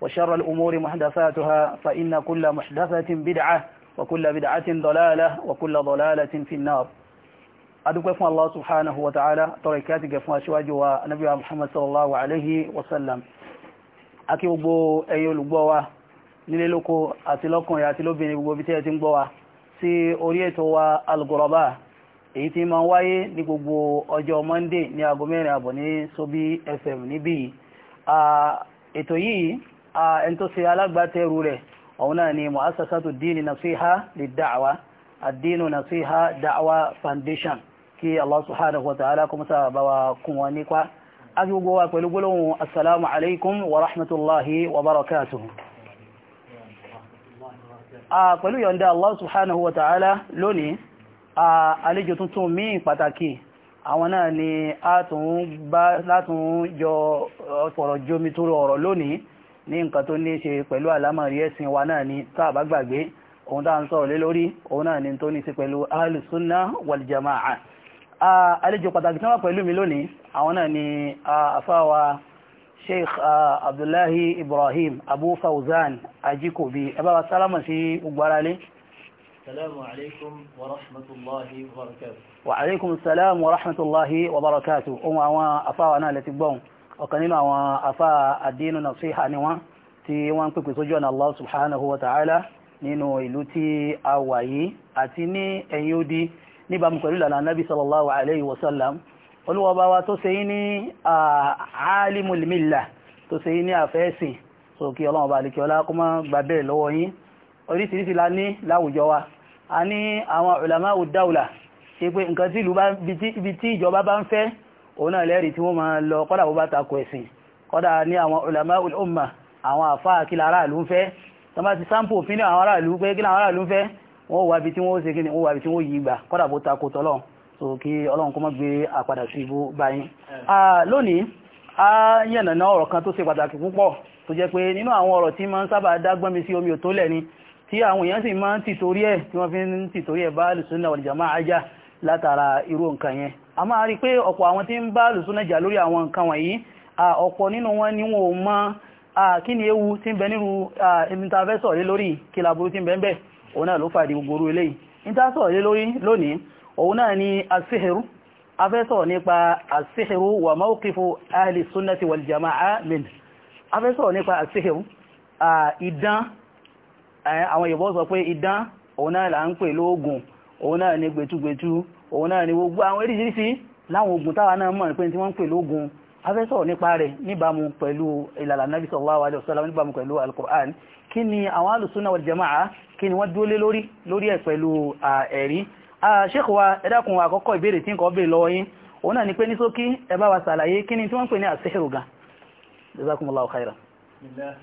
وشر الأمور محدثاتها فإن كل محدثة بدعة وكل بدعة ضلالة وكل ضلالة في النار أدوك فما الله سبحانه وتعالى تركاتك فما شواج ونبي محمد صلى الله عليه وسلم أكي أبو أيو البوا نللوكو أتلوكو يأتلوبين أبو بتيات بوا سي أوريتو الغرباء èyí tí máa ń wáyé ní gbogbo ọjọ́ monday ní aago mẹ́rin àbọ̀ ní sobi fm níbí ètò yìí ẹni tó ṣe alágbàtẹrù rẹ̀ òun náà ni mu'assasatu dini nasiha lid-da'wa ad-dinu nasiha da'wa foundation kí Allah subhanahu wa ta'ala kuma sa bá wa kún wa nípa a fi gbogbo wa pẹ̀lú gbólóhùn assalamu alaikum wa rahmatullahi wa barakatuhu a pẹ̀lú yọ̀nda Allah subhanahu wa àwọn náà ni a tún bá látún jọ ọ̀pọ̀rọ̀ jomi tó rọrọ̀ lónìí ní nǹkan tó ní ṣe pẹ̀lú àlámọ̀rí ẹ̀sìn wa náà ni tá a bá gbàgbé òun tá à ń sọ̀rọ̀ lé lórí òun náà ni tó ní ṣe pẹ̀lú alùsùnà wàlìjàmáà àlejò pàtàkì tán wà pẹ̀lú mi lónìí àwọn náà ni àfáwa sheikh abdullahi ibrahim abu fauzan ajikobi ẹ wa sálámà sí gbogbo ara lé السلام عليكم ورحمة الله وبركاته وعليكم السلام ورحمة الله وبركاته أمعوا أفاوانا لتبون ọ̀kan nínú àwọn afá àdínú nasiha ni wọ́n tí wọ́n ń pèpè sójú ọ̀nà Allah subhanahu wa ta'ala nínú ìlú tí a wà yìí àti ní ẹ̀yìn odi níbàámu pẹ̀lú ìlànà nabi sallallahu alayhi wa sallam olúwọba wa tó ṣe yí ní alimul millah tó ṣe yí ní àfẹ́sìn so kí ọlọ́run bá lè kí ọlá kó má gbà bẹ́ẹ̀ lọ́wọ́ yín oríṣiríṣi la ní láwùjọ wa a ní àwọn ulama ud ṣe pé nǹkan tí ìjọba bá ń fẹ́ ona náà lẹ́rìí tí wọ́n máa lọ kọ́dà bó bá takò ẹ̀sìn kọ́dà ní àwọn ulama ul-umma àwọn àfáà kí lára ìlú ń fẹ́ tó bá ti sáǹpù òfin ní àwọn ará ìlú pé kí láwọn ará ìlú ń fẹ́ wọ́n wà bí tí wọ́n ṣe kí wọ́n wà bí tí wọ́n yí gbà kọ́dà bó takò tọ́lọ́run so kí ọlọ́run kó gbé àpadà a yànnà náà ọ̀rọ̀ kan tó ṣe pàtàkì púpọ̀ tó jẹ́ pé nínú àwọn ọ̀rọ̀ tí máa ń sábà dágbọ́n mi sí omi òtólẹ̀ ni tí àwọn èèyàn sì máa ń tìtorí ẹ̀ látara irú nǹkan yẹn a máa rí pé ọ̀pọ̀ àwọn tí ń bá lùsúnà jà lórí àwọn nǹkan wọ̀nyí ọ̀pọ̀ nínú wọn ni wọn ò mọ̀ kí ni ewu tí ń bẹ nírú ìmìtafẹ́sọ̀ lé lórí kí tí ń bẹ òun náà ló fàdí gbogbo ni asíhìrú afẹ́sọ̀ nípa asíhìrú wà jama'a min afẹ́sọ̀ nípa asíhìrú ìdán àwọn Yorùbá sọ pé ìdán òun náà là ń pè òun náà ni gbẹ̀túgbẹ̀tú òun náà ni gbogbo àwọn eríṣiríṣi láwọn ogun táwa náà mọ̀ pé tí wọ́n ń pè lógun afẹ́sọ̀rọ̀ nípa rẹ̀ níbàámu pẹ̀lú ìlànà nàbí sallallahu alaihi wasallam níbàámu pẹ̀lú al-Qur'an kí ni àwọn alùsùnà wal jama'a kí ni wọ́n dúró lé lórí lórí ẹ̀ pẹ̀lú ẹ̀rí Sheikh wa ẹ dákun àkọ́kọ́ ìbéèrè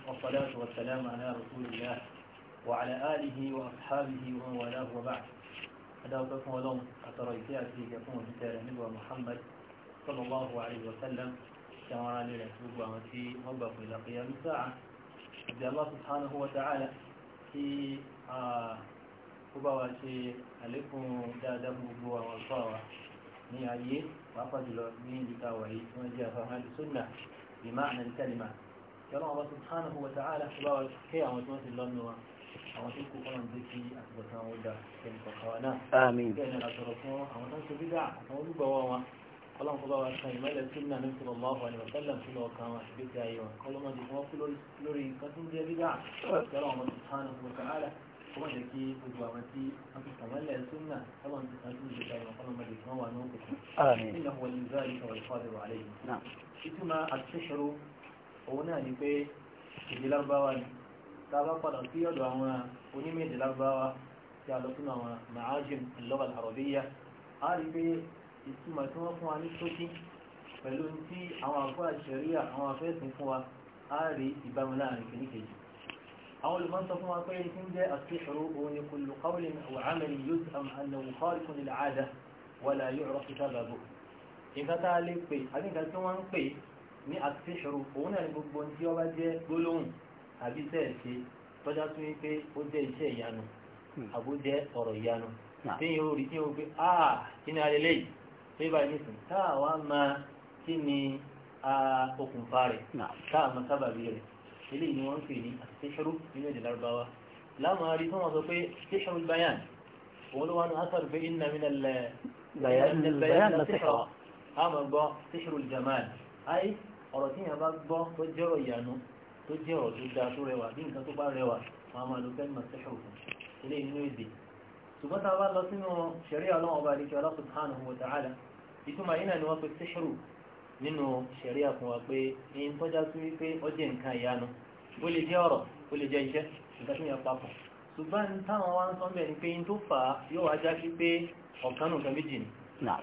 والصلاة والسلام على رسول الله وعلى آله وأصحابه ومن والاه وبعد adáwọ̀pẹ́ fún ọlọ́run àtọrọ ìfẹ́ àti ìjẹ fún òṣìṣẹ́ rẹ̀ nígbà Muhammad sallallahu alaihi wa sallam tí àwọn ará lè rẹ̀ tí gbogbo àwọn tí wọ́n gbà fún ìlàkìyà ní sáà ìdí Allah subhanahu wa ta'ala tí ó bá ṣe àlékún dáadáa gbogbo àwọn àwọn tó kó kọ́nà jẹ́ kí àtúbọ̀tán wọn dá ẹni kọ̀kọ̀wà náà bẹ́ẹ̀ ni àtọ̀rọ̀ fún àwọn tó ń ṣe bídà àwọn olùgbọ̀wọ́ wọn kọ́lọ́n kọ́ bá wa san ìmọ̀lẹ̀ tí nà ní sọ̀rọ̀ máa kan wà sí gbèsè ayé wọn kọ́lọ́n máa jẹ́ wọ́n lórí nǹkan jẹ́ bídà kọ́lọ́n wọn ti tán àwọn tí wọ́n ti sàmọ́lẹ̀ sọ̀rọ̀ ìfọ́dẹ̀rọ̀ àlẹ́ yìí. ìtumọ̀ àtúnṣe òun náà tàbá padà sí ọ̀dọ̀ àwọn onímẹ̀dẹ̀ lágbáwá tí a lọ sínú àwọn ma'ajim al-lugha al-arabiyya a rí pé ìtumọ̀ tí wọ́n fún wa ní ṣókí pẹ̀lú tí àwọn àfáà ṣẹ̀ríà àwọn afẹ́sìn fún wa a rí ìbámu láàrin kìníkejì àwọn olùmọ̀ sọ fún wa pé ní ń jẹ́ àfihàn òun ni kullu àbí tẹ́ ṣe tọ́já tó wípé ó jẹ́ iṣẹ́ ìyanu hmm. àbó jẹ́ ọ̀rọ̀ ìyanu tí yóò rí tí ó gbé àà ah, kí ni alẹ́ lẹ́yìn tó yẹ báyìí nìsín táà wá máa kí ni okùnfà rẹ̀ táà máa sábàbí rẹ̀ eléyìí ni wọ́n ń pè ní àṣìṣẹ́rú nínú èdè lárúbáwá láwọn arí tó wọ́n sọ pé ṣíṣẹ́rú bayan òun ló wá ní asar pé inna min al-bayan la sihra máa gbọ́ ṣíṣẹ́rú tó jẹ́ ọ̀rọ̀ tó dáa tó rẹwà bí nǹkan tó bá rẹwà wọn a máa lo kẹ́lìmọ̀ sẹ́ṣọ̀ fún ilé inú èdè ṣùgbọ́n tá a bá lọ sínú ṣẹ̀rí ọlọ́wọ́n ọba àdìkẹ́ ọlọ́pù subhanahu wa ta'ala ìtumọ̀ yìí náà ni wọ́n pe sẹ́ṣọ̀rù nínú ṣẹ̀rí àfún wa pé ẹyin tọ́já sí wípé ó jẹ́ nǹkan ìyanu ó lè jẹ́ ọ̀rọ̀ ó lè jẹ́ iṣẹ́ nǹkan tó papọ̀ ṣùgbọ́n táwọn wá ń sọ bẹ́ẹ̀ ni pé ẹyin tó fà yóò wá sí pé ọ̀kan nù nǹkan ni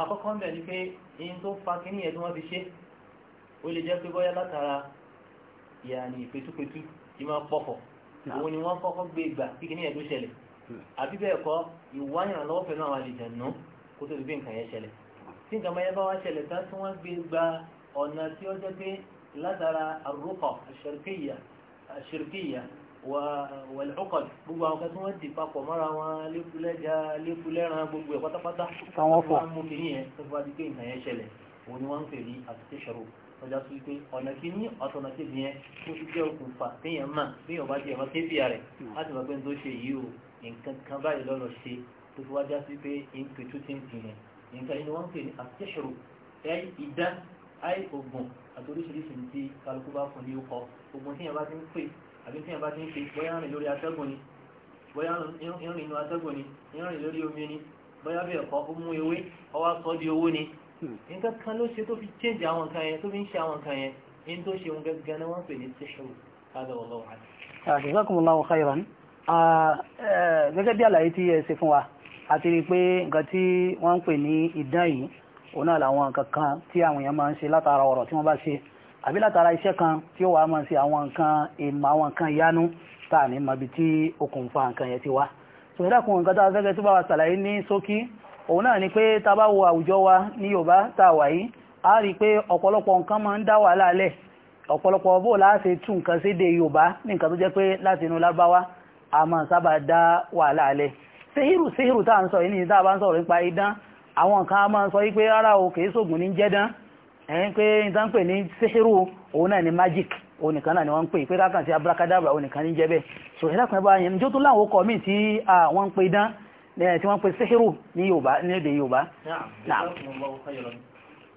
àkọ́kọ́ bẹ́ẹ̀ ni pé ẹyin tó fa ìyàní ìfetúfetú ìmọ̀ pọ̀pọ̀ ah. òun ni wọ́n kọ́kọ́ gbé ìgbà kí ní ẹ̀dún ṣẹlẹ̀ hmm. àbí bẹ́ẹ̀ kọ́ ìwà ìrànlọ́wọ́ pẹ̀lú àwọn àlejànú kó tó gbé nǹkan yẹn ṣẹlẹ̀ tí nǹkan bá yẹn bá wá ṣẹlẹ̀ tán tí wọ́n gbé gba ọ̀nà tí ó jẹ́ pé látara àrùkọ̀ àṣìríkìyà wàlúkọ̀ gbogbo àwọn kan tí wọ́n ti papọ̀ mọ́ra wọn lékulẹ́ja lékulẹ́ran gbogbo ẹ̀ pátápátá wọ́n mú kìíní tó bá di pé yẹn ṣẹlẹ̀ òun ni wọ́n ń pè ní àtúnṣe ọjọ́ sí pé ọ̀nà kí ní ọ̀tọ̀nà sí ìyẹn tó ti jẹ́ okùnfà téèyàn mà téèyàn bá jẹ́ ẹ̀mọ́ kébìyà rẹ̀ hmm. láti mọ̀ pé n tó ṣe yìí o nǹkan kan báyìí lọ́nà ṣe tó fi wájá sí pé nǹkan tó ti ń tìyẹn nǹkan inú wọn ń pè ní àtẹ́ṣòro ẹ ìdá àì ògùn àti oríṣiríṣi tí kálukú bá fún ní ọkọ ògùn téèyàn bá ti ń pè àbí téèyàn bá ti ń pè bóyá Hmm. nǹkan kan ló ṣe tó fi change àwọn nǹkan yẹn tó fi ń ṣe àwọn nǹkan yẹn in tó ṣe nǹkan gan wọ́n pè ní tíṣẹ́wò káàdà ọlọ́wọ́ àti. jazakumullahu khairan ah, eh, gẹ́gẹ́ bí àlàyé tí ẹ ṣe fún wa àti rí i pé nǹkan tí wọ́n ń pè ní ìdán yìí òun náà làwọn nǹkan kan tí àwọn èèyàn máa ń ṣe látara ọ̀rọ̀ tí wọ́n bá ṣe àbí látara iṣẹ́ kan tí ó wàá máa ṣe àwọn nǹkan èèmọ̀ àwọn nǹkan ìyanu tá à ní tí okùnfà nǹkan yẹn ti wá. sòdá kun nǹkan tá a tó bá wa ṣàlàyé ní ṣókí òun náà ni pé tá bá wo àwùjọ wa ní Yorùbá tá a wà yìí a rí pé ọ̀pọ̀lọpọ̀ nǹkan máa ń dá wà lálẹ̀ ọ̀pọ̀lọpọ̀ bó láti tún nǹkan sí èdè Yorùbá ní nǹkan tó jẹ́ pé láti inú lábáwá a máa sábà dá wà lálẹ̀ síhìrù síhìrù tá à ń sọ yìí ní tá bá ń sọ̀rọ̀ nípa idán àwọn nǹkan a máa sọ yìí pé rárá o kìí sògùn ní jẹ́dán pé ìta pè ní síhìrù òun náà ni magic òun nìkan náà ni wọ́n ń pè pé kákan sí abracadabra òun ní jẹ́ bẹ́ẹ̀ so ìdákan bá yẹn níjó tó láwọn ọkọ̀ míì tí wọ́n ń pe idán Eh, tí wọ́n pè síhírù ní Yorùbá ní èdè Yorùbá.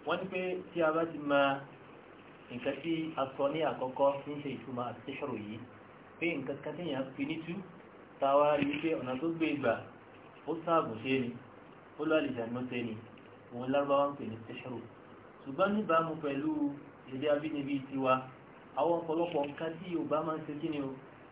wọ́n ní pé tí a bá ti mọ nǹkan tí a sọ ní àkọ́kọ́ ń ṣe ìtumọ̀ síhírù yìí pé nǹkan kan tí yàn fi nítú táwa rí pé ọ̀nà tó gbé ìgbà ó sáàbù ṣe ni ó lọ àlejò àná ṣe ni òun lárúbáwá ń pè ní síhírù ṣùgbọ́n níbàámu pẹ̀lú èdè abínibí tiwa àwọn ọ̀pọ̀lọpọ̀ nǹkan tí Yorùbá máa ń ṣe kí o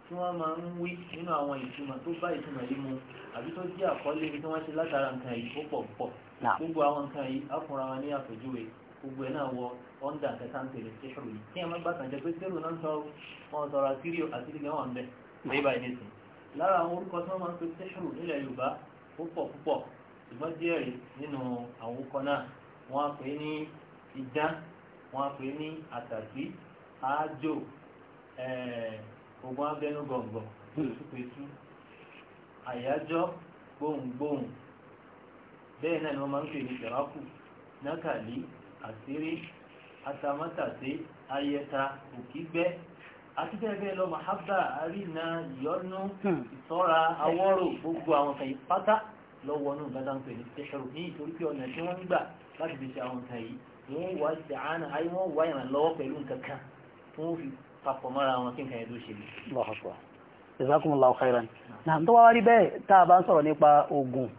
tí wọ́n máa ń wí nínú àwọn ìtumọ̀ tó bá ìtumọ̀ yìí mu àbí tó jẹ́ àkọlé tí wọ́n ṣe látara nǹkan yìí ó pọ̀ pọ̀ gbogbo àwọn nǹkan yìí á fúnra wọn ní àpèjúwe gbogbo ẹ̀ náà wọ ọ́ndà kẹta ń tẹ̀lé sẹ́ṣọ̀rù yìí kí ẹ má gbà tàn jẹ́ pé sẹ́rù náà ń sọ wọn sọ̀rọ̀ àtìrí àtìrí gan wà ń bẹ̀ lẹ́yìn báyìí nìsín lára àwọn orúkọ tí wọ́n máa ń pe sẹ́ṣọ̀rù nílẹ̀ Yorùbá ó pọ̀ púpọ̀ ṣùgbọ́n díẹ̀ nínú àwọn orúkọ náà wọ́n á pè é ní idán wọ́n á pè é ní àtàkì àájò eh, ogun abẹnú gbọ̀ngbọ̀ pẹ̀tú àyájọ́ gbohùngbohùn bẹ́ẹ̀ náà ni wọ́n máa ń pè ní tẹ̀rákù nákàlí àṣírí atamátàsé ayẹta òkígbẹ́ àti bẹ́ẹ̀ bẹ́ẹ̀ lọ mahabba àríná ìyọ́nú hmm. ìṣọ́ra awọ́rò gbogbo àwọn kan yìí pátá lọ́wọ́ náà bá dáńpẹ̀ ní tẹ́ṣọ̀rù ní ìtorí pé ọ̀nà tí wọ́n ń gbà láti fi ṣe àwọn kan yìí wọ́n wá ìṣẹ̀hánà ayé wọ́n wá ìrànlọ́wọ́ pẹ̀lú nǹkan kan tí wọ́n fi papọ̀ mọ́ra wọn kí nǹkan ẹ̀dú ṣe ní. lọ́hàpọ̀ jazakumullahu khairan náà tó wá wá rí bẹ́ẹ̀ tá a bá ń sọ̀rọ̀ nípa oògùn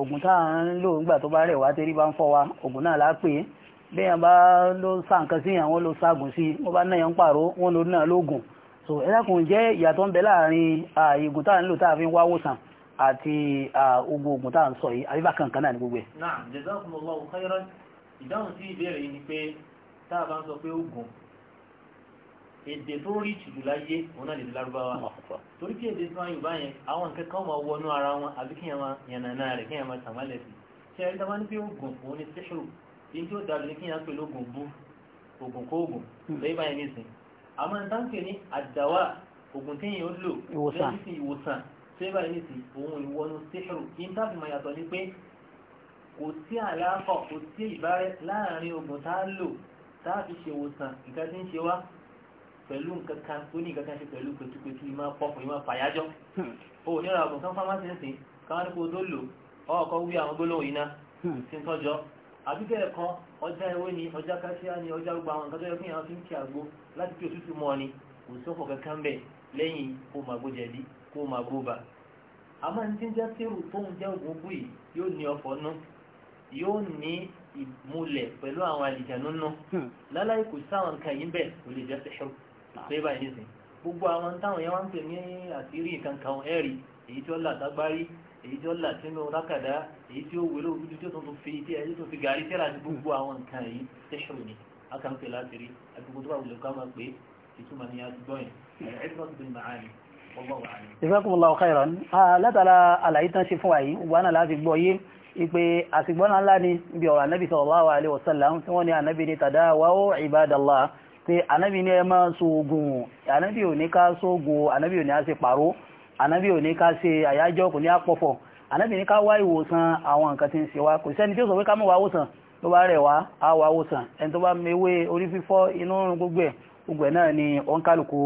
oògùn tá à ń lò nígbà tó bá rẹ̀ wá tẹ́rí bá ń fọ́ wa oògùn náà lápè bẹ́ẹ̀ bá ló sá nǹkan sí àwọn ló ságùn sí wọ́n bá náà ń pààrọ̀ wọ́n ló náà lóògùn so ẹlẹ́kùn jẹ́ ìyàtọ̀ ń bẹ láàrin ìgùn tá à ń lò tá a fi ń wáwó sàn àti ogun ogun tá à ń sọ yìí àbíbá kankan náà ní gbogbo ẹ̀. náà jazakumullahu khairan ìdáhùn sí ìbéèrè yìí ni pé tá a bá ń sọ pé oògùn èdè tó rí ìtùdù láyé òun náà lè di lárúbáwá torí kí èdè sọ́yìn yorùbá yẹn àwọn nǹkan kan máa wọnú ara wọn àbí kí yẹn máa yànnàná rẹ̀ kí yẹn máa tàmálẹ̀ sí ṣe ẹ̀rí dábàá ní pé oògùn òun ni tíṣù yìí tí ó dàbí hmm. ní kí yẹn pè lóògùn bú oògùn kó oògùn lẹ́yìn báyìí nìsín àmọ́ ní táǹkì ní àdáwà oògùn tí yẹn ó lò ìwòsàn lẹ́yìn sí ìwòsàn nǹkan tí pẹ̀lú nǹkan kan tó ní nǹkan kan ṣe pẹ̀lú pẹ̀tùpẹ̀tù ìmọ̀ pọ̀pọ̀ ìmọ̀ fàyájọ́ o ní ọ̀rọ̀ ọ̀gùn kan fámásì ń sìn káwọn nípo tó lò ọkọ̀ wí àwọn gbólóhùn iná sí ń tọ́jọ́ àbíkẹ́ kan ọjà ewé ni ọjà káṣíá ni ọjà gbogbo àwọn nǹkan tó yẹ fún ìyàwó fi ń kí àgbo láti kí òtútù mọ́ ni kò sọ́fọ̀ kankan bẹ̀ lẹ́yìn kó máa gbójẹ̀bí kó máa gbóba àmọ́ ní tíjá tírù tóun jẹ́ ògùn bú yìí yóò ní ọ̀fọ̀ nú yóò ní ìmúlẹ̀ pẹ̀lú àwọn àlìjànú nú láláì kò sáwọn nǹkan yìí bẹ̀ kò lè jẹ́ sẹ́ṣọ́rù pé báyìí nìsín gbogbo àwọn táwọn yẹn wá ń pè ní àṣírí kankan ẹ̀rí èyí tí ó là tágbárí èyí tí ó là sínú rákàdá èyí tí ó wé lóògùn tí ó tuntun fi tí ẹni tó fi gàrí tẹ́lá sí gbogbo àwọn nǹkan yìí tẹ́sán ni a kàn ń pè láṣírí àgbègbè tó bá wùlẹ̀ ká máa pé ìtumọ̀ ni a ti gbọ́ yẹn ẹ̀ẹ́dẹ́gbọ́n ti Jazakumullahu khairan látara àlàyé tán ṣe fún àyí wà àsìgbọ́nà ńlá ni bí ọ̀rọ̀ ànábì sallallahu alaihi wasallam tí wọ́n ni ànábì ni tadawaw ibadallah pé ànábì ní ẹ máa sóògùn ànábì ò ní ká sóògùn ànábì ò ní á ṣe pàró ànábì ò ní ká ṣe àyájọ́ kò ní á pọ̀fọ̀ ànábì ní ká wá ìwòsàn àwọn nǹkan tí ń ṣe wá kò sẹ́ni tí ó sọ pé ká mọ̀ wá wòsàn tó bá rẹ̀ wá á wá wòsàn ẹni tó bá mewé orí fífọ́ inú rún gbogbo ẹ̀ gbogbo ẹ̀ náà ni òǹkálùkù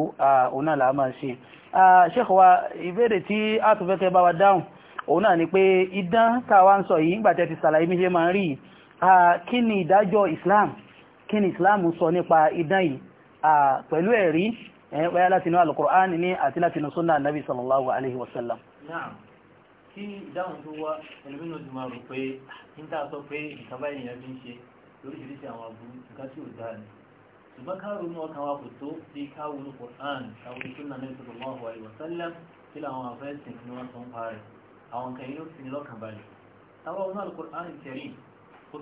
òun náà là máa ṣe ṣéèkì wa ìbéèrè tí a tún fẹ́ kẹ́ bá wa dáhùn òun náà ni pé idán tá a wá ń sọ yìí nígbà tẹ́ ti ṣàlàyé mi ṣe máa ń rí kí ni ìdájọ́ Islam kí ni islam sọ nípa idán yìí pẹ̀lú ẹ̀rí wáyá láti inú al-Qur'an ní àti láti inú súnà nabi sallallahu alaihi wasallam kí ìdáhùn tó wá ẹlòmínú ti máa rò pé ń tà sọ pé ìkàbá ènìyàn fi ń ṣe lóríṣiríṣi àwọn àbúrú nǹkan tí ò kò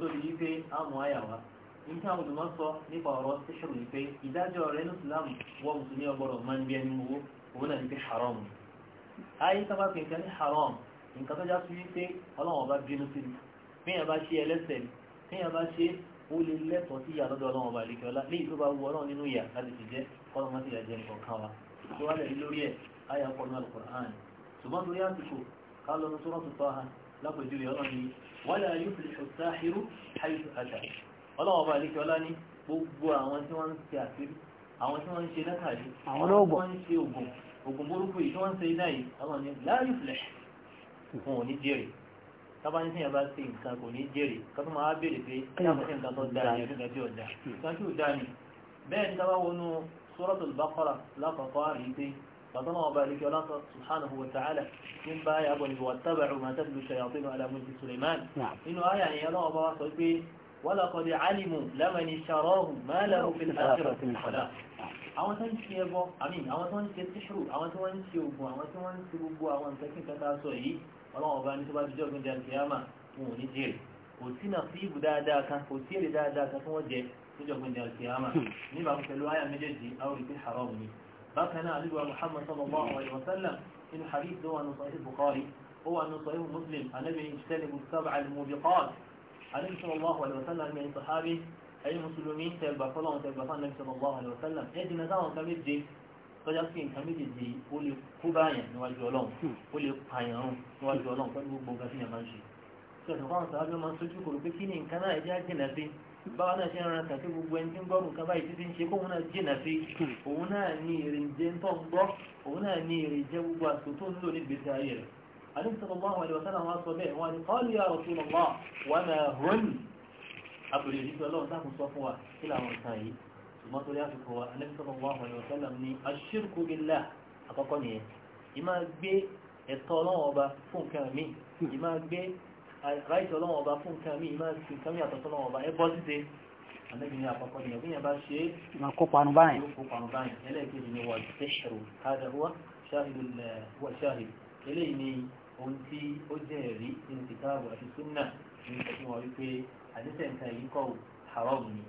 tó bí yí pé àwọn àyà nígbà àwọn olùmọ̀ sọ nípa ọ̀rọ̀ ṣíṣirò ní pé ìdájọ́ rẹ̀ ní islam wọ́n mùsùlùmí ọgbọ́dọ̀ máa ń bí ẹni owó òun náà ní pé haram ni ayé sábà fi nǹkan ní haram nǹkan tó já sí wípé ọlọ́wọ́n bá bínú sí ni fíyàn bá ṣe ẹlẹ́sẹ̀ fíyàn bá ṣe ó lè lẹ́tọ̀ọ́ sí ìyá lọ́dọ̀ ọlọ́wọ́n bá lè kí ọlá léyìí tó bá wù ọlọ́run nínú ìyà láti fi jẹ́ kọ́lọ́mọ́ sí ìyàjẹ́ nǹkan ọlọ́wọ́ bá àdékẹ́ ọlá ní gbogbo àwọn tí wọ́n ń ṣe àṣírí àwọn tí wọ́n ń ṣe lẹ́kàrí àwọn tí wọ́n ń ṣe ògùn ògùn burúkú yìí tí wọ́n ń ṣe iná yìí àwọn ni láàyè filẹ̀ fún òní jèrè tábà ní sèyàn bá ṣe nǹkan kò ní jèrè kátó máa béèrè pé yàtọ̀ sí nǹkan tó dáa ní ọdún ذلك الله سبحانه وتعالى من بايا أبو واتبعوا ما تتلو الشياطين على ملك سليمان نعم إنه يعني الله أبو walaqad alimu laman ishtarahu ma lahu fil akhirati min khalaq àwọn tó ń ṣe ẹbọ àmín àwọn tó ń ṣe tíṣù àwọn tó ń ṣe oògùn àwọn tó ń ṣe gbogbo àwọn nǹkan kí nǹkan tá a sọ yìí ọlọ́run ọba ní tó bá jíjọ́ gbẹ́ndẹ̀ àkíyàmà wọn ò ní jèrè kò sí náà sí ibù dáadáa kan kò sí èrè dáadáa kan tí wọ́n jẹ jíjọ́ gbẹ́ndẹ̀ àkíyàmà nígbà pẹ̀lú àyà méjèèjì àwọn ìpín haram ni bákan náà àdúgbò النبي صلى الله عليه وسلم من صحابي أي مسلمين تلبى فلان تلبى فلان النبي صلى الله عليه وسلم نزاع كميد جي tọ́já sí nǹkan méjèèjì ó lè kú báyàn níwájú ọlọ́run ó lè pààyàn níwájú ọlọ́run pẹ̀lú gbogbo nǹkan tí yẹn máa ń ṣe tí ọ̀sán fáwọn sàábẹ́ máa ń sojú kòrò pé kí ni nǹkan náà ẹjẹ́ jìnà sí báwa náà ṣe ń ran kàtí gbogbo ẹni tí ń gbọ́rù nǹkan báyìí títí ń ṣe kóun náà jìnà sí òun náà ní èrè jẹ́ ń tọ́ ń gbọ́ òun náà ní èrè jẹ́ gbogbo àsòtó ń lò ní gbèsè ayé rẹ̀ النبي صلى الله عليه وسلم wá sọ bẹ́ẹ̀ wọ́n ni qalu ya Rasulullah wa ma hun àbúrò ìdíkọ̀ ọlọ́run táàkù sọ fún wa kí làwọn ìtàn yìí ṣùgbọ́n tó rí àsìkò wa Annabi sallallahu alaihi wasallam ni ash-shirku billah àkọ́kọ́ nìyẹn ìmá gbé ẹ̀tọ́ ọlọ́run ọba fún nǹkan mi ìmá gbé ráìtì ọlọ́run ọba fún nǹkan mi ìmá sì nǹkan mi àtọ́tọ́ ọlọ́run ọba ẹ bọ́ síse Annabi ni àkọ́kọ́ nìyẹn bí yẹn bá ṣe é ìmá kó panu báyìí ẹlẹ́ẹ̀kejì ni wà ohun tí ó jẹ́ ẹ̀rí nínú kìtàbù àti súnà ní ìṣẹ́jú wọn wípé àdéṣe nǹkan yìí kọ́ haram ni.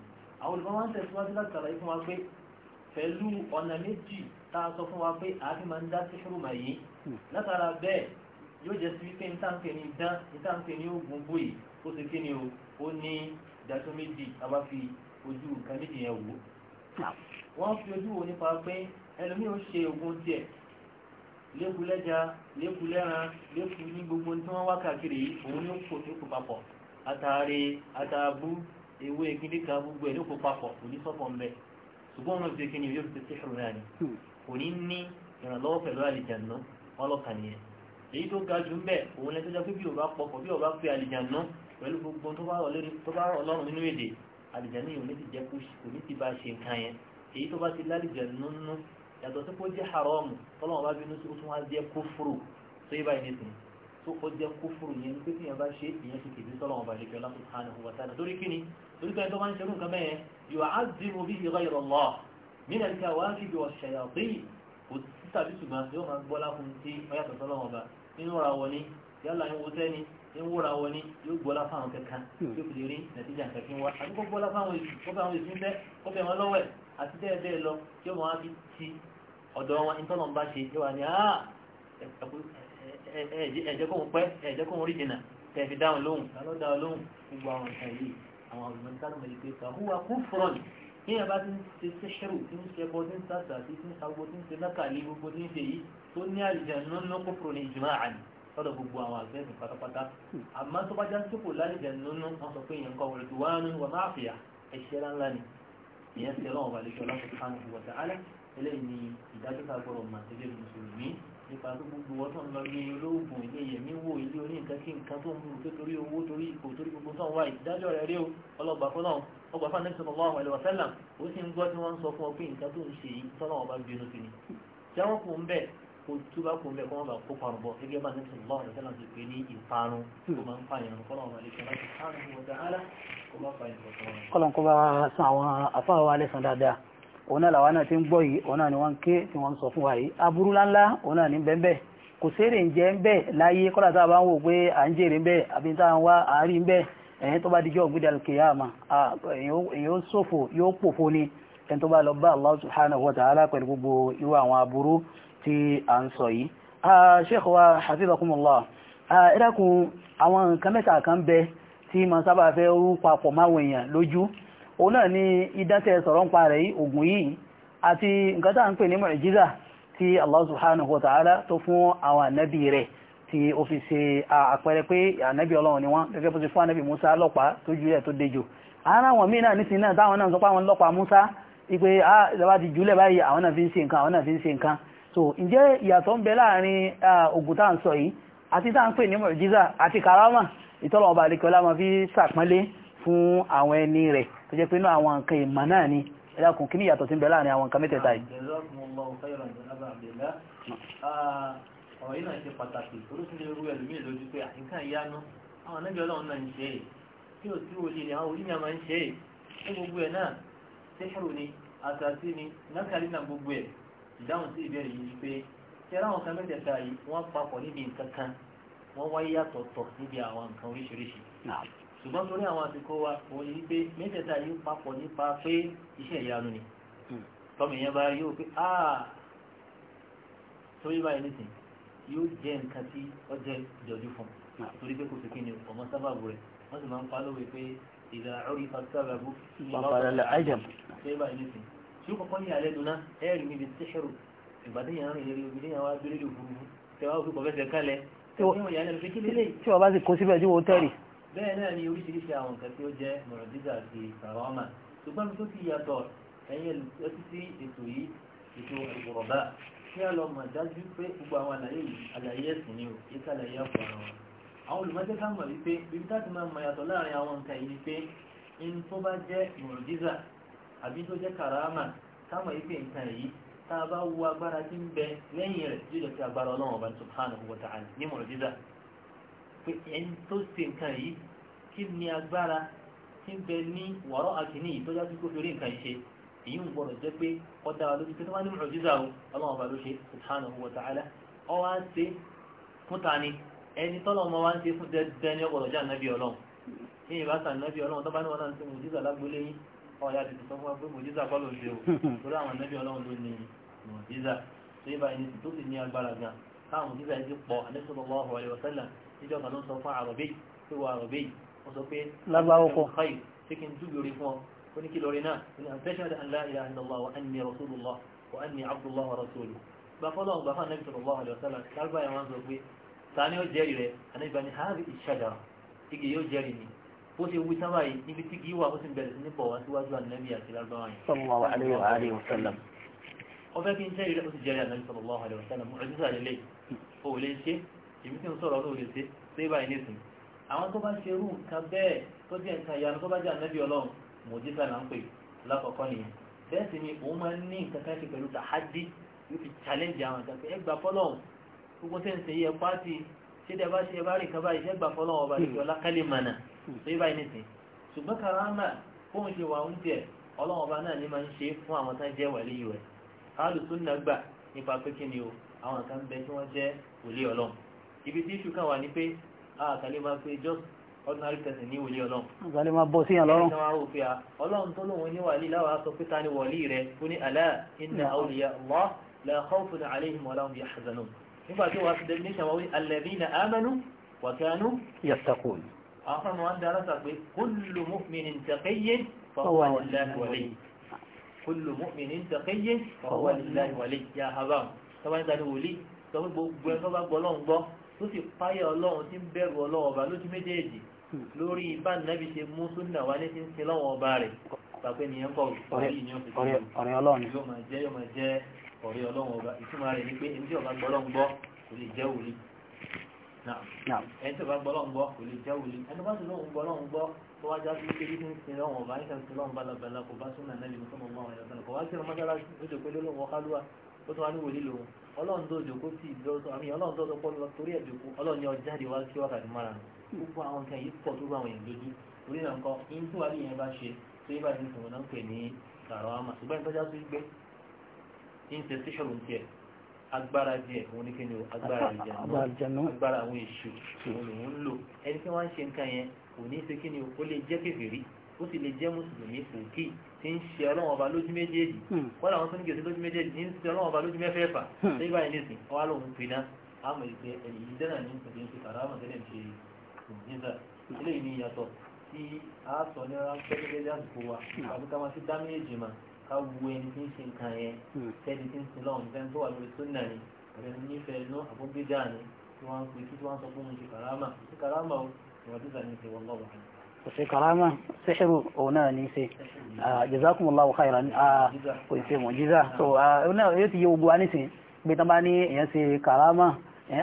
àwọn olùkọ́ máa ń tẹ̀síwájú láti ṣàlàyé fún wa pé pẹ̀lú ọ̀nà méjì tá a sọ fún wa pé àáfíì máa ń dá sí ṣòro màyí hmm. látara bẹ́ẹ̀ yóò jẹ́ sí wípé ntáǹkè ní dán ntáǹkè ní oògùn bóyì ó ti kí ni o ó ní ìdájọ́ méjì a bá fi ojú nǹkan méjì yẹn wò. Hmm. wọ́n fi ojú wo nípa pé ẹlòmíì ṣe oògùn tiẹ̀ lékulẹ́ja lékulẹ́ran lékun ní gbogbo tí wọ́n wá káàkiri yìí òun ní kò tó kò papọ̀ àtàrí àtàbú ewé kíndé ka gbogbo ẹ̀ ló kò papọ̀ kò ní sọ́pọ̀ ń bẹ̀ ṣùgbọ́n wọn fi kíni yóò fi síhìrù náà ni hmm. kò ní ní ìrànlọ́wọ́ pẹ̀lú àlìjànú ọlọ́kànìyàn èyí tó ga jù ń bẹ̀ òun lẹ́tọ́jà pé bí o bá pọ̀pọ̀ bí o bá fi àlìjànú pẹ̀lú gbogbo tó bá ọlọ́run nínú èdè àlìjànú yìí ò ní ti jẹ́ kó ní ti bá ṣe nǹkan yẹn èyí tó bá ti lálìjànú yàtọ̀ sí kó jẹ́ haramu tọ́lọ́wọ́ bá bínú sí ó tún wá jẹ́ kófúrò tó yẹ báyìí nísìnyí tó ó jẹ́ kófúrò yẹn pé tí yẹn bá ṣe ìyẹn ti kìí tọ́lọ́wọ́ bá lẹ́kẹ́ lásán hàn wà tánà torí kíni torí pé tó máa ń ṣerú nǹkan bẹ́ẹ̀ yóò á dì mú bí ìrọ̀ ìrọ̀ lọ nínú ẹ̀ka wàá fi bí ọ̀ṣẹ̀ yàgbé kò sí tàbí ṣùgbọ́n yóò máa gbọ́ láfun tí ọyàtọ̀ tọ́lọ́wọ́ bá nínú ra wọ ni yálà ń wo sẹ́ni ń wúra wọ ni yóò gbọ́ láfún àwọn kankan yóò fi lè rí nàìjíríà nǹkan kí n wá àti kó gbọ́ láfún àwọn èsì kó bẹ àwọn èsì ń bẹ́ kó bẹ wọn lọ́wọ́ ẹ̀ àti bẹ́ẹ̀ bẹ́ẹ̀ lọ tí ó máa fi ti ọ̀dọ̀ wọn ìtọ́nà bá ṣe yóò wà ní ah, ẹ̀jẹ̀ kóhun pẹ́ ẹ̀jẹ̀ kóhun rí jìnà tẹ̀fi dáhùn lóhùn lálọ́dà lóhùn gbogbo àwọn ọ̀sẹ̀ yìí àwọn olùmọ̀tánù mọ̀ ìpè sàhúwà kú fúrọ̀nì ní ẹ̀bá tí ń ṣe ṣẹ́ṣẹ́rù tí ń ṣe bọ́ tí ń sàṣà tí ń sàgbó tí ń ṣe lákàlí gbogbo tí ń ṣe yìí tó ní àlìjẹ̀ nínú kófòrò ní ìjùmọ̀ àní lọ́dọ̀ gbogbo àwọn àgbẹ̀sìn pátápátá àmọ́ tó bá já kò lálìjẹ̀ nínú wọn sọ pé ìyẹn kọ́ tó wá ní wọn máa fìyà ẹ̀ṣẹ́ ńláńlá ni ìyẹn ṣe lọ́wọ́ wà lẹ́jọ́ lọ́sọ̀tàn eléyìí ni ìdájọ́ ká gbọ́dọ̀ mà gẹ́gẹ́ bí mùsùlùmí nípa tó gbogbo wọ́n tán lọ ní olóògùn ilé yẹ̀mí wo ilé oní nǹkan kí nǹkan tó ń mú tó torí owó torí ipò torí gbogbo tán wá ìdájọ́ rẹ̀ rí o ọlọ́gbà fún náà ọgbà fún anẹ́sìn ọmọ àwọn ẹlẹ́wà sẹ́là ó sì ń gbọ́ tí wọ́n ń sọ fún ọ pé nǹkan tó ń ṣe yìí tọ́lá wọn bá bínú sí ni jẹ́wọ́n kò ń bẹ̀ kò túbá kò ń bẹ̀ kó wọ́n bá kó Ona la làwọn náà ti ń gbọ́ yìí òun ni wọ́n ń ké tí wọ́n ń sọ fún wa yìí aburú ńláńlá òun náà ní bẹ́ẹ̀ bẹ́ẹ̀ kò séèrè ń jẹ́ ń bẹ́ẹ̀ láyé kọ́lá tá a bá ń wò pé à ń jèrè ń bẹ́ẹ̀ àbí tá a ń wá àárín ń bẹ́ẹ̀ ẹ̀yìn tó bá dijọ́ ògbédè alkiyama yóò sòfò yóò pòfo ni ẹni tó bá lọ bá Allah subhanahu wa ta'ala pẹ̀lú gbogbo irú àwọn aburú tí à ń sọ yìí. sheikh wa hafizakumullah ẹ̀dàkùn àwọn nǹkan mẹ́ta kan bẹ tí màá sábà fẹ́ rú papọ̀ máwọn èèyàn lójú òun náà ni ìdántẹ́ sọ̀rọ̀ ń pa rẹ̀ yìí ògùn yìí àti nǹkan tá à ń pè ní mọ̀jíza tí Allah subhanahu wa ta'ala tó fún àwọn ànábì rẹ̀ tí ó fi ṣe àpẹẹrẹ pé ànábì ọlọ́run ni wọ́n gẹ́gẹ́ bó ti fún ànábì Musa lọ́pàá tó jùlẹ̀ tó dejò ara wọn míì náà nísìnyí náà táwọn náà Musa ipe ìjọba ti jùlẹ̀ báyìí àwọn náà fi ń ṣe so ǹjẹ́ ìyàtọ̀ ń bẹ láàrin ògùn tá à ń sọ yìí àti tá à ń pè ní fún àwọn ẹni rẹ̀ tó jẹ́ pé inú àwọn nǹkan ìmọ̀ náà ni ẹlẹ́kùn kí ní ìyàtọ̀ tí ń bẹ láàrin àwọn nǹkan mẹ́tẹ̀ẹ̀ta yìí. Ah, ọ̀rọ̀ yìí náà ṣe pàtàkì torí ah, ni àwọn oníyàn máa ń ṣe é ní gbogbo ẹ̀ náà tẹ́kẹ̀rù ni àtàtì ni ìdáhùn sí ìbéèrè yìí ni pé ṣé ara àwọn kan mẹ́tẹ̀ẹ̀ta yìí wọ́n papọ̀ níbi nǹkan kan wọ́n wáyé yàtọ̀tọ̀ níbi àwọn nǹkan oríṣiríṣi ṣùgbọ́n torí àwọn àsìkò wa òun yìí pé mẹ́tẹ̀ẹ̀ta yìí papọ̀ nípa pé iṣẹ́ ìyanu ni hmm. tọ́mì yẹn bá yóò pé áà torí báyìí nìsín yóò jẹ́ nǹkan tí ó jẹ́ ìjọjú fún hmm. torí pé kò sí kíni ọmọ sábàbù rẹ̀ wọ́n sì máa ń pálówé pé ìlà orí fasábàbù ìlọ́pàá torí báyìí nìsín tí ó kọ́kọ́ ní alẹ́ dùnà ẹ̀rì níbi tíṣẹ̀rù ìgbàdéyàn rìn lórí obìnrin àwọn abẹ́rẹ́ lòfurufú tẹwàá òfin kọ̀fẹ́sẹ̀ kalẹ̀ tí wọ́n bá sì kó síbẹ̀ tí wọ́n bẹ́ẹ̀ náà ni oríṣiríṣi àwọn nǹkan tí ó jẹ́ mọ̀rọ̀dídà àti kàrámà ṣùgbọ́n mi tó ti yàtọ̀ ẹ̀yìn ẹtítí ètò yìí ètò ìwọ̀rọ̀bá kí a lọ mọ̀ dájú pé gbogbo àwọn àlàyé yìí àlàyé ẹ̀sìn ni ò kí ká àlàyé àpò ara wọn àwọn olùmọ́jẹ́ ká mọ̀ wípé ibi tá ti máa mọ̀ yàtọ̀ láàrin àwọn nǹkan yìí pé in tó bá jẹ́ mọ̀rọ̀dídà àbí tó jẹ́ kàrámà ká mọ̀ wípé nǹkan yìí tá a bá wo agbára tí ń bẹ lẹ́yìn rẹ̀ yóò jẹ́ sí agbára Ọlọ́run Ọba subhanahu wa ta'ala ní mọ̀rọ̀dídà pé ẹni tó ṣe nǹkan yìí kí ni agbára tí ń bẹ ní wàrọ̀ àkíní yìí tó já sí gbófin orí nǹkan yìí ṣe èyí ń gbọdọ̀ jẹ́ pé ọ̀dà wa lójú pé tó wá ní mùsùlùmí o ọlọ́run ọba ló ṣe subhanahu wa ta'ala ọ wá ń ṣe fún ta ni ẹni tọ́lọ́ ọmọ wá ń ṣe fún dẹ́dẹ́ ní ọgbọ̀dọ̀ jẹ́ ànábì ọlọ́run ní ìbáṣà ànábì ọlọ́run tó bá ní wọn náà ń ṣe mùjíza lágbólé yín ọ̀yà ti sọ fún wa pé mùjíza kọ́ ló ṣe o torí àwọn ànábì ọlọ́run ló ní mùjíza tó yẹ báyìí tó sì ní agbára gan táwọn mùjíza yìí ti pọ̀ àníṣọ́lọ́wọ́ ọ̀rẹ́ ọ̀sẹ́lẹ̀ níjọ́ kan ló sọ fún àròbí pé wọ àròbí ó sọ pé lágbàáwò kọ káyì tí kí n dúbì orí fún ọ ó ní kí lórí náà ní àtẹ́ṣẹ́ an la ilaha illallah wa anni rasulullah wa anni abdullah wa rasuluhu gba fọ́lọ́ gba fún anábì sallallahu alaihi wasallam lágbàáyà wọn sọ pé ta ni ó jẹ́rìí rẹ̀ anábì ni hábi ìṣàdára igi yóò jẹ́rìí ni bó ṣe wí sábà yìí níbi tí kìí wà ó sì bẹ̀rẹ̀ sí ní bọ̀ wá síwájú ànábì àti lágbàáyà wa sallam ọbẹ̀ èmi tí ń sọ̀rọ̀ ọlọ́run lè ṣe ṣé báyìí nìsín àwọn tó bá ṣe irú nǹkan bẹ́ẹ̀ tó jẹ́ nǹkan ìyanu tó bá jẹ́ ànábì ọlọ́run mùjísà là ń pè lákọ̀ọ́kọ́ nìyẹn bẹ́ẹ̀ sì ni òun máa ń ní nǹkan kan ṣe pẹ̀lú tàhádì yóò fi challenge àwọn nǹkan pé ẹ gbà fọlọ́run gbogbo tẹ́ ń ṣe yẹ pàtì ṣé dẹ́ bá ṣe bá rí nǹkan báyìí ṣé gbà fọlọ́run ọba ìjọ lákàlẹ̀ mọ̀nà ni máa ń ṣe fún àwọn tán jẹ́ wàlíyù ni o àwọn nǹkan bẹ tí wọ́n jẹ́ ibi tí ìṣù kan wà ní pé àkàlẹ́ máa pé just ordinary person ní wòlíì ọlọ́run. àkàlẹ́ máa bọ́ sí yàn lọ́rùn. ẹ̀sán wa wò pé a ọlọ́run tó lóun ní wàlí láwàá sọ pé ta ni wọ̀lí rẹ̀ fún ní alá inna awliya Allah la khawfun alayhim wa lahum yahzanun. nígbà tí wàá ti dẹ́bi níṣà wọn wí alladhina amanu wa kanu yattaqun. àwọn ọmọ wọn dára sà pé kullu mu'minin taqiyyin fa huwa lillahi wali kullu mu'minin taqiyyin fa huwa tó sì páyà ọlọ́run tí ń bẹ̀rù ọlọ́run ọba lójú méjèèjì hmm. lórí bá nàbí ṣe mú súnà wá ní ti ń ṣe lọ́wọ́ ọba rẹ̀ pàpẹ́ nìyẹn kọ́ ọ̀rẹ́ ọlọ́run yóò máa jẹ́ yóò máa jẹ́ ọ̀rẹ́ ọlọ́run ọba ìtumọ̀ rẹ̀ ni pé ẹni tí ọba gbọ́lọ́run gbọ́ kò lè jẹ́ òrí ẹni tí ọba gbọ́lọ́run gbọ́ kò lè jẹ́ òrí ẹni bá ti lóhun gbọ́lọ́run gbọ́ tó wájá sí pé bí ń sin lọ́wọ́ ọba ń sin lọ́wọ́ ó tún wá ní wòlí lòun ọlọ́run tó jòkó sí ìdọ́tọ̀ àmì ọlọ́run tó tọpọ́ lọ torí ẹ̀ jòkó ọlọ́run ni ọjáde wá sí wákàtí mara gbogbo àwọn nǹkan yìí pọ̀ tó bá àwọn èèyàn lójú orí náà nǹkan in tó wà ní ìyẹn bá ṣe tó yẹ báyìí nìkan náà ń pè ní kàràwámà ṣùgbọ́n ìtọ́já tó gbé intercession tiẹ̀ agbára díẹ̀ òun ní kí ni o agbára ìjànú agbára àwọn èṣù òun lò ẹni tí wọ́n ń ṣe nǹkan yẹn kò ní í ṣe kí ni o ó lè jẹ́ kékeré ó sì lè jẹ́ mùsùlùmí fòkì tí ń ṣe ọlọ́run ọba lójú méjèèjì hmm. wọ́n làwọn tó ń gèsè lójú méjèèjì ń ṣe ọlọ́run ọba lójú mẹ́fẹ̀ẹ̀fà hmm. ṣé báyìí nìsín ọwá lòun pinna àmọ̀ ìpè ẹ̀yìn yìí dẹ́nà ní ìpèsè ń ṣe kàrámọ̀ tẹ́lẹ̀ ń ṣe ìmúnísà eléyìí ní ìyàtọ̀ tí a sọ ní ránpẹ́ gẹ́gẹ́ bí àsìkò wa hmm. àbí ká máa fi dá méjì mà ká wo ẹni tí ń ṣe nǹkan yẹn tẹ́ni tí ń sin lọ́run fẹ́ni tó wà lórí sónà ni ẹni nífẹ̀ẹ́ inú àbógbéjà ni tí wọ́n ń pè tí wọ́n sọ fún mi ṣe kàrámà ṣe kàrámà o kò sí karama síhìrù òun náà ní ṣe jazakumullahu khairan kò ṣe mọ̀jíza so yóò ti yẹ gbogbo wa nísìn pé tán bá ní èèyàn ṣe karama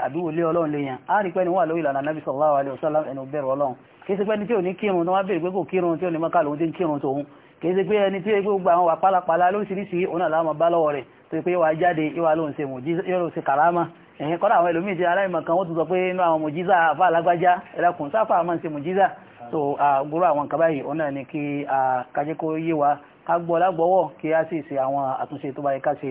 àdúgbò lé ọlọ́run léèyàn á rí pẹ́ni wà lórí ìlànà nàbí sallallahu alaihi wasallam ẹnu bẹ̀rù ọlọ́run kì í ṣe pẹ́ni tí ò ní kírun tó wá bèèrè pé kò kírun tí ò ní mọ́kà lòun tí ń kírun tòun kì í ṣe pé ẹni tí ó gbogbo àwọn wà pálapàla lóríṣiríṣi òun àlámọ̀ bá lọ́wọ́ rẹ̀ tó pé wà jáde ìwà lóun ṣe mùjíza yóò ṣe karama ẹ̀yìn kọ́dà àwọn ẹlòmíì ti aláìmọ̀ kan wọ́n ti sọ pé inú àwọn mùjíza àfa alágbájá ẹ̀dàkùn sáfà máa ń ṣe mùjíza so gbúrú àwọn nǹkan báyìí òun náà ni kí kájẹ́ kó yé wa ká gbọ́ lágbọ́wọ́ kí á sì ṣe àwọn àtúnṣe tó bá ká ṣe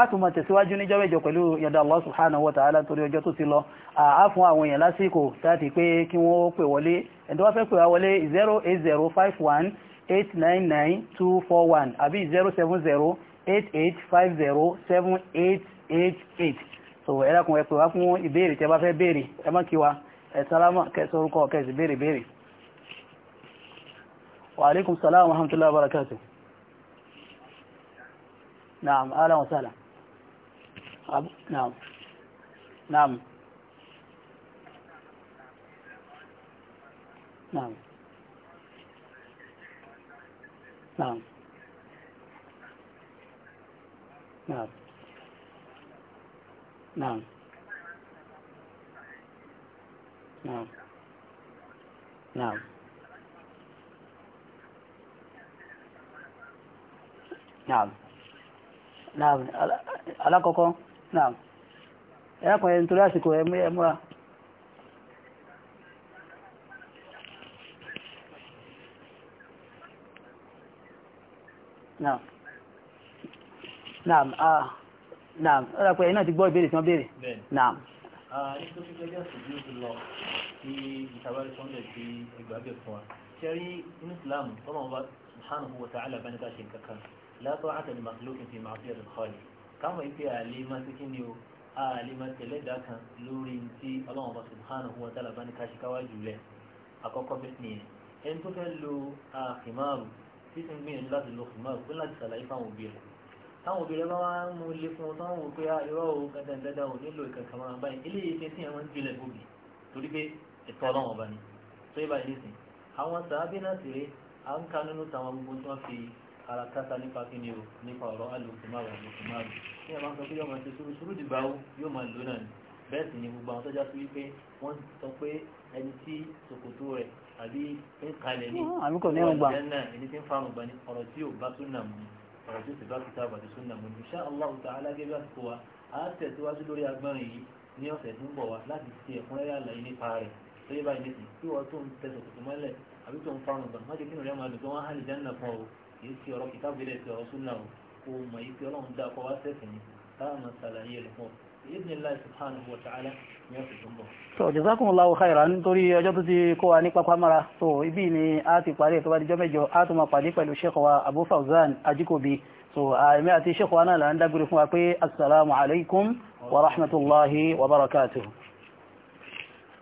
a tún máa tẹ̀síwájú níjọ́ pẹ̀lú yọ̀dá Allah subhanahu wa ta'ala torí ọjọ́ tó ti lọ a fún àwọn èèyàn lásìkò láti pé kí wọ́n pè wọlé ẹni tó fẹ́ pè wá wọlé zero eight zero five one eight nine nine two four one àbí zero seven zero eight eight five zero seven eight eight eight so ẹ dákun ẹ pè wá fún ìbéèrè tẹ́ bá fẹ́ béèrè ẹ má kí wa ẹ sálámà kẹsàn-án kọ́ béèrè béèrè. وعليكم السلام ورحمة الله وبركاته نعم أهلا وسهلا نعم نعم نعم نعم نعم نعم نعم نعم naam naam Alakoko naam ẹ̀rákùnrin nítorí àsìkò ẹmúra naam naam ah naam naam ah, látọ́ àtẹ̀lé màkìlókè fi màá fi ẹ̀rọ kọ́lẹ̀ káwọn ìpè àlè máa ti kí ni o àlè máa tẹ̀lé dákan lórí tí ọlọ́run bá subhanahu wa ta'ala bá ní ká ṣe káwájú rẹ̀ àkọ́kọ́ bẹ́ẹ̀ nìyẹn ẹni tó fẹ́ lo àfìmáàrù tí ti ń gbìyànjú láti lo àfìmáàrù pé láti ṣàlàyé fáwọn òbí rẹ̀ táwọn òbí rẹ̀ bá wá ń mú ilé fún un táwọn wò pé irọ́ o dandandandan ò nílò ìkankan máa báyìí eléyìí ṣe tí ẹ̀ wọ́n ń gbilẹ̀ bòbí torí pé ẹ̀tọ́ ọlọ́run ọba ni tó yẹ báyìí nísìn àwọn sàábì náà sì ré à ń ka nínú tàwọn gbogbo tí wọ́n fi karakátá nípa kí ni o nípa ọ̀rọ̀ alùpùmáwò alùpùmáwò ní ẹ̀bá ń sọ pé yóò máa ṣe sùúrù sùúrù dìgbà ó yóò máa lò náà bẹ́ẹ̀ sì ni gbogbo àwọn sọ́jà sí wípé wọ́n sọ pé ẹni tí ṣòkòtò rẹ̀ àbí ń kalẹ̀ ní ah, ẹni tí ń fa àrùngbà ní ọ̀rọ̀ tí ò bá tún nà mú ọ̀rọ̀ tí ó sì bá kìtà àbàtì tún nà mú ní ṣá aláwọ̀ tá alágẹ́gẹ́ àsìkò wa á tẹ̀síwájú lórí agbọ́nrin yìí ní ọ̀sẹ̀ tó ń bọ̀ wá láti ṣe ẹ̀kúnrẹ́rẹ́ àlàyé nípa rẹ̀ tó tí wọ́n kì í ti ọ̀rọ̀ kìtàbù ilẹ̀ ti ọ̀rọ̀ súnà o kò mọ̀ yìí pé ọlọ́run dá ọkọ̀ wá sẹ́sìn ni táwọn ṣàlàyé rẹ̀ fún Bismillahi subhanahu wa ta'ala ní ọ̀sẹ̀ tó ń bọ̀. so jazakumullahu khairan nítorí ọjọ́ tó ti kó wa ní pápámára so ibi ni a ti parí ètò ìbádìjọ́ mẹ́jọ a tún máa pàdé pẹ̀lú sheikh wa Abu Fawzan Ajikobi so àmì àti sheikh wa náà là ń dágbére fún wa pé assalamu alaikum wa rahmatullahi wa barakatuh.